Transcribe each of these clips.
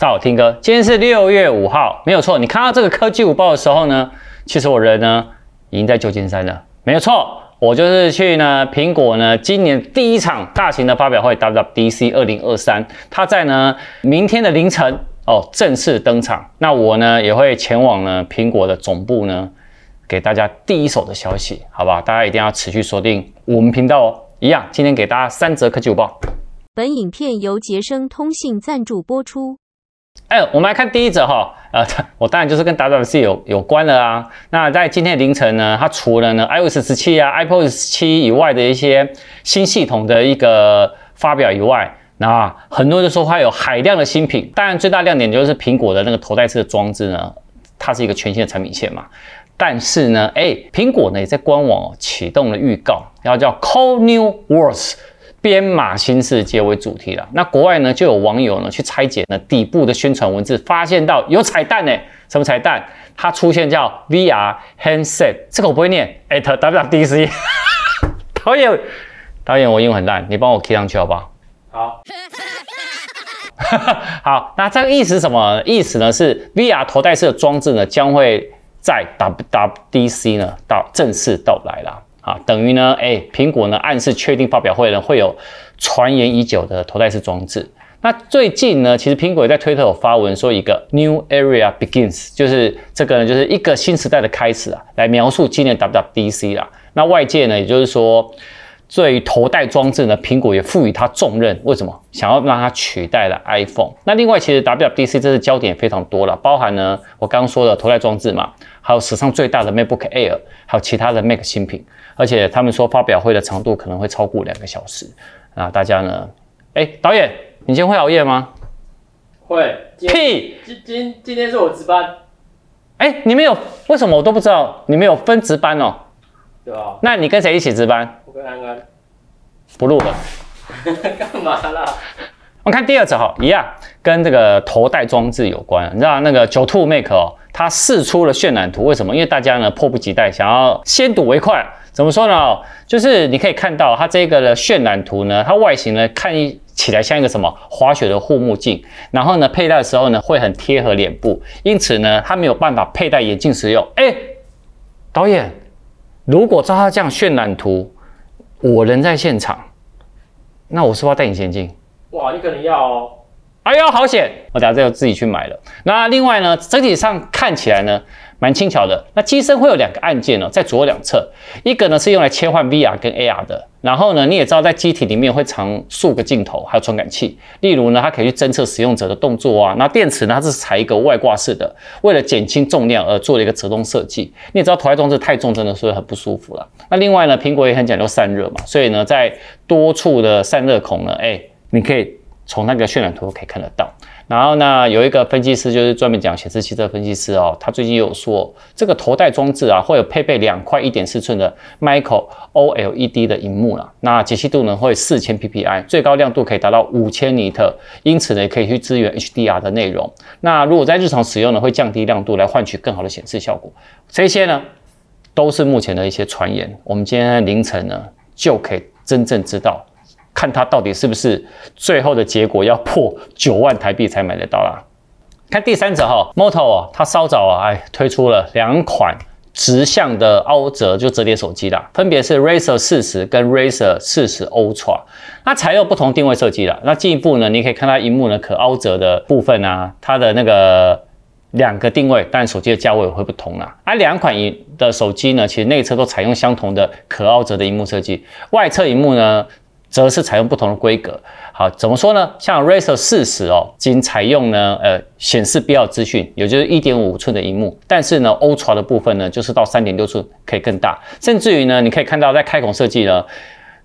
大家好，Tim 哥，今天是六月五號，沒有錯。你看到這個科技午報的時候呢，其實我人呢已經在舊金山了。沒有錯，我就是去呢蘋果呢今年第一場大型的發表會 WWDC 二零二三，它在呢明天的凌晨哦正式登場。那我呢也會前往呢蘋果的總部呢，給大家第一手的消息，好不好？大家一定要持續鎖定我們頻道哦。一樣，今天給大家三則科技午報。本影片由傑昇通信贊助播出。哎、欸，我們來看第一則哈，呃，我當然就是跟 WWDC 有有關了啊。那在今天凌晨呢，它除了呢 iOS 十七啊、iPadOS 十七以外的一些新系統的一個發表以外，那、啊、很多人說它有海量的新品。當然，最大亮點就是蘋果的那個頭戴式的裝置呢，它是一個全新的產品線嘛。但是呢，哎、欸，蘋果呢也在官網啟、哦、動了預告，要叫 “Call New Worlds”。編碼新世界為主題了。那國外呢，就有網友呢去拆解呢底部的宣傳文字，發現到有彩蛋呢。什麼彩蛋？它出現叫 VR headset，這個我不會念。at WWDC， 導演，導演，我英文很爛，你幫我 key 上去好不好？好。 好，那這個意思是什麼意思呢？是 VR 頭戴式的裝置呢，將會在 WWDC 呢到正式到來了。啊，等於呢，哎，蘋果呢暗示確定發表會呢會有傳言已久的頭戴式裝置。那最近呢，其實蘋果也在推特有發文說一個 new era begins，就是這個呢就是一個新時代的開始啊，來描述今年 WWDC 啦、啊。那外界呢，也就是說。所以頭戴裝置呢，蘋果也賦予它重任，為什麼想要讓它取代了 iPhone？那另外，其實 WWDC 這次焦點也非常多了，包含呢我剛剛說的頭戴裝置嘛，還有史上最大的 MacBook Air，還有其他的 Mac 新品。而且他們說，發表會的長度可能會超過兩個小時。啊，大家呢？誒，導演，你今天會熬夜嗎？會。屁。今今今天是我值班。誒，你們有，為什麼我都不知道？你們有分值班哦？對啊。那你跟誰一起值班？不錄了。 幹嘛啦？我們看第二則哈，一樣跟這個頭戴裝置有關。你知道那個 9to5Mac 哦，它釋出了渲染圖，為什麼？因為大家呢迫不及待想要先睹為快。怎麼說呢？就是你可以看到它這個的渲染圖呢，它外形呢看起來像一個什麼滑雪的護目鏡，然後呢佩戴的時候呢會很貼合臉部，因此呢它沒有辦法佩戴眼鏡使用。哎、欸，導演，如果照它這樣渲染圖。我人在現場，那我是不是要帶你先進？哇，你可能要哦。哎呦，好險！我等下就要自己去買了。那另外呢，整體上看起來呢，蠻輕巧的。那機身會有兩個按鍵哦，在左右兩側，一個呢是用來切換 VR 跟 AR 的。然後呢，你也知道，在機體裡面會藏數個鏡頭還有傳感器。例如呢，它可以去偵測使用者的動作啊。那電池呢，它是採一個外掛式的，為了減輕重量而做了一個折中設計。你也知道，頭戴裝置太重真的是很不舒服了、啊。那另外呢，蘋果也很講究散熱嘛，所以呢，在多處的散熱孔呢，哎、欸，你可以。從那個渲染圖可以看得到，然後呢，有一個分析師就是專門講顯示器的分析師哦，他最近有說這個頭戴裝置啊，會有配備兩塊一點四寸的 Micro OLED 的熒幕了，那解析度呢會四千 PPI，最高亮度可以達到五千尼特，因此呢也可以去支援 HDR 的內容。那如果在日常使用呢，會降低亮度來換取更好的顯示效果。這些呢都是目前的一些傳言，我們今天凌晨呢就可以真正知道。看它到底是不是最後的結果要破九萬台幣才買得到啦、啊？看第三者哈 Moto 哦，它稍早啊，哎，推出了兩款直向的凹折就折疊手機啦，分別是 Razr 四十跟 Razr 四十 Ultra，它採用不同定位設計啦，那進一步呢，你可以看它熒幕呢可凹折的部分啊，它的那個兩個定位，但手機的價位會不同啦。而兩款的手機呢，其實內側都採用相同的可凹折的熒幕設計，外側熒幕呢。則是採用不同的規格，好，怎麼說呢？像 Razr 四十哦，僅採用呢，呃，顯示必要資訊，也就是一點五寸的熒幕。但是呢，Ultra 的部分呢，就是到三點六寸可以更大。甚至於呢，你可以看到在開孔設計呢，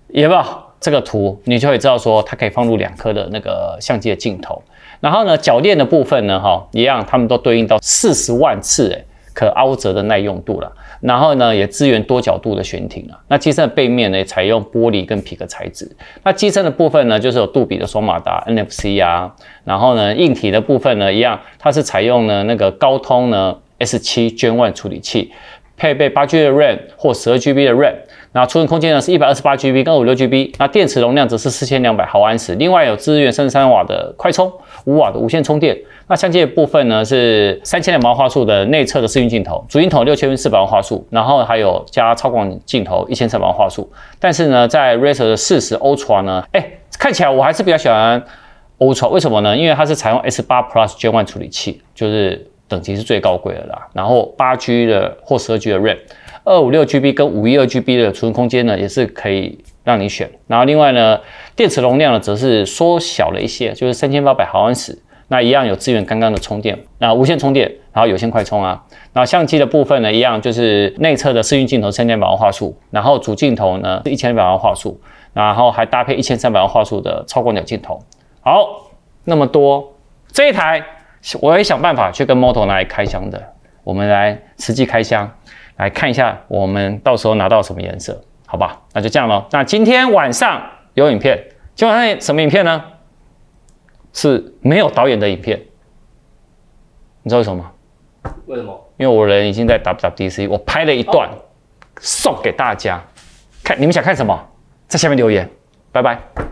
也把這個圖，你就會知道說它可以放入兩顆的那個相機的鏡頭。然後呢，鉸鏈的部分呢，哈，一樣，它們都對應到四十萬次誒，可凹折的耐用度了。然後呢，也支援多角度的懸停啊。那機身的背面呢，也採用玻璃跟皮革材質。那機身的部分呢，就是有杜比的雙馬達 NFC 啊。然後呢，硬體的部分呢，一樣，它是採用呢，那個高通呢 S7 Gen 1處理器，配備八 G 的 RAM 或十二 G B 的 RAM。那儲存空間呢，是一百二十八 G B 跟二五六 G B。那電池容量則是四千兩百毫安時。另外有支援三十三瓦的快充，五瓦的無線充電。那相機的部分呢是三千兩百萬畫素的內側的視訊鏡頭，主鏡頭六千四百萬畫素，然後還有加超廣鏡頭一千三百萬畫素。但是呢，在 Razr 的四十 Ultra 呢，哎、欸，看起來我還是比較喜歡 Ultra，為什麼呢？因為它是採用 S 八 Plus Gen 一處理器，就是等級是最高貴的啦。然後八 G 的或十二 G 的 RAM，二五六 G B 跟五一二 G B 的儲存空間呢，也是可以讓你選。然後另外呢，電池容量呢則是縮小了一些，就是三千八百毫安時。那一樣有支援，剛剛的充電，那無線充電，然後有線快充啊，那相機的部分呢，一樣就是內側的視訊鏡頭三千兩百萬畫素，然後主鏡頭呢是一千兩百萬畫素，然後還搭配一千三百萬畫素的超廣角鏡頭。好，那麼多這一台我會想辦法去跟摩托拿來開箱的，我們來實際開箱來看一下，我們到時候拿到什麼顏色，好吧？那就這樣咯。那今天晚上有影片，今天晚上什麼影片呢？是沒有導演的影片，你知道為什麼嗎？為什麼？因為我人已經在 WWDC，我拍了一段送給大家看。你們想看什麼？在下面留言。拜拜。